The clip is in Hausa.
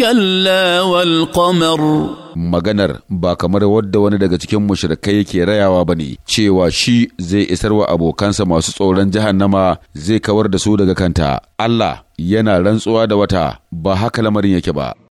wal والقمر maganar ba kamar wadda wani daga cikin mushrikai yake rayawa ba ne cewa shi zai isar wa abokansa masu tsoron jahannama zai kawar da su daga kanta Allah yana rantsuwa da wata ba haka lamarin yake ba